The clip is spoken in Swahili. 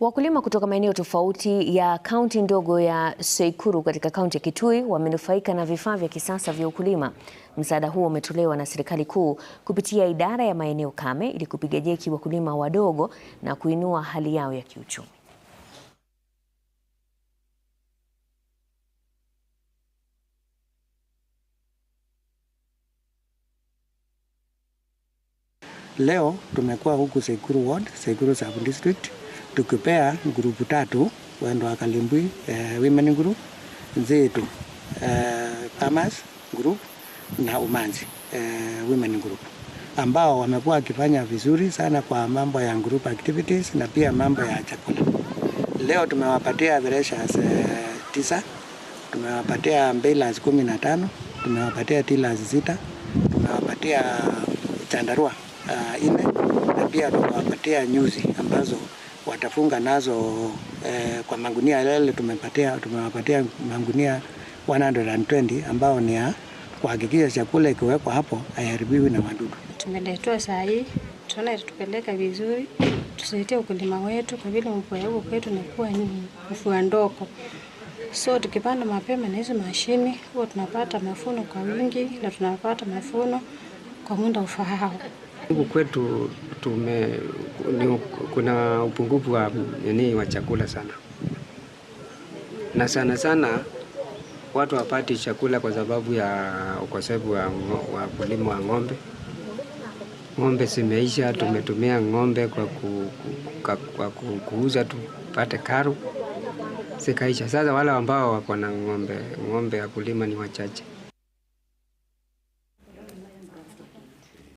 Wakulima kutoka maeneo tofauti ya kaunti ndogo ya Soikuru katika kaunti ya Kitui wamenufaika na vifaa vya kisasa vya ukulima. Msaada huo umetolewa na serikali kuu kupitia idara ya maeneo kame ili kupiga jeki wakulima wadogo na kuinua hali yao ya kiuchumi. Leo tumekuwa huku Soikuru ward, Soikuru sub district tukipea grupu tatu wendo wa Kalimbwi eh, women group zetu eh, farmers group na Umanzi eh, women group ambao wamekuwa wakifanya vizuri sana kwa mambo ya group activities na pia mambo ya chakula. Leo tumewapatia threshers eh, tisa, tumewapatia balers kumi na tano, tumewapatia tillers sita, tumewapatia chandarua uh, ine na pia tumewapatia nyuzi ambazo watafunga nazo eh, kwa magunia yale tumepatia tumewapatia magunia 120 ambao ni ya kuhakikisha chakula ikiwekwa hapo haiharibiwi na wadudu. Tumeletewa saa hii, tunaona itatupeleka vizuri, tusaidie ukulima wetu kwa vile mvua huko kwetu ni mvua ndogo. So tukipanda mapema na hizo mashini huwa tunapata mafuno kwa wingi na tunapata mafuno kwa muda ufaao. Huku kwetu tume, kuna upungufu wa, nini wa chakula sana na sana sana watu wapati chakula kwa sababu ya ukosefu wa, wa kulima wa ng'ombe. Ng'ombe zimeisha, tumetumia ng'ombe kwa, ku, ku, kwa ku, kuuza tupate karo, zikaisha. Sasa wale ambao wako na ng'ombe ng'ombe ya kulima ni wachache.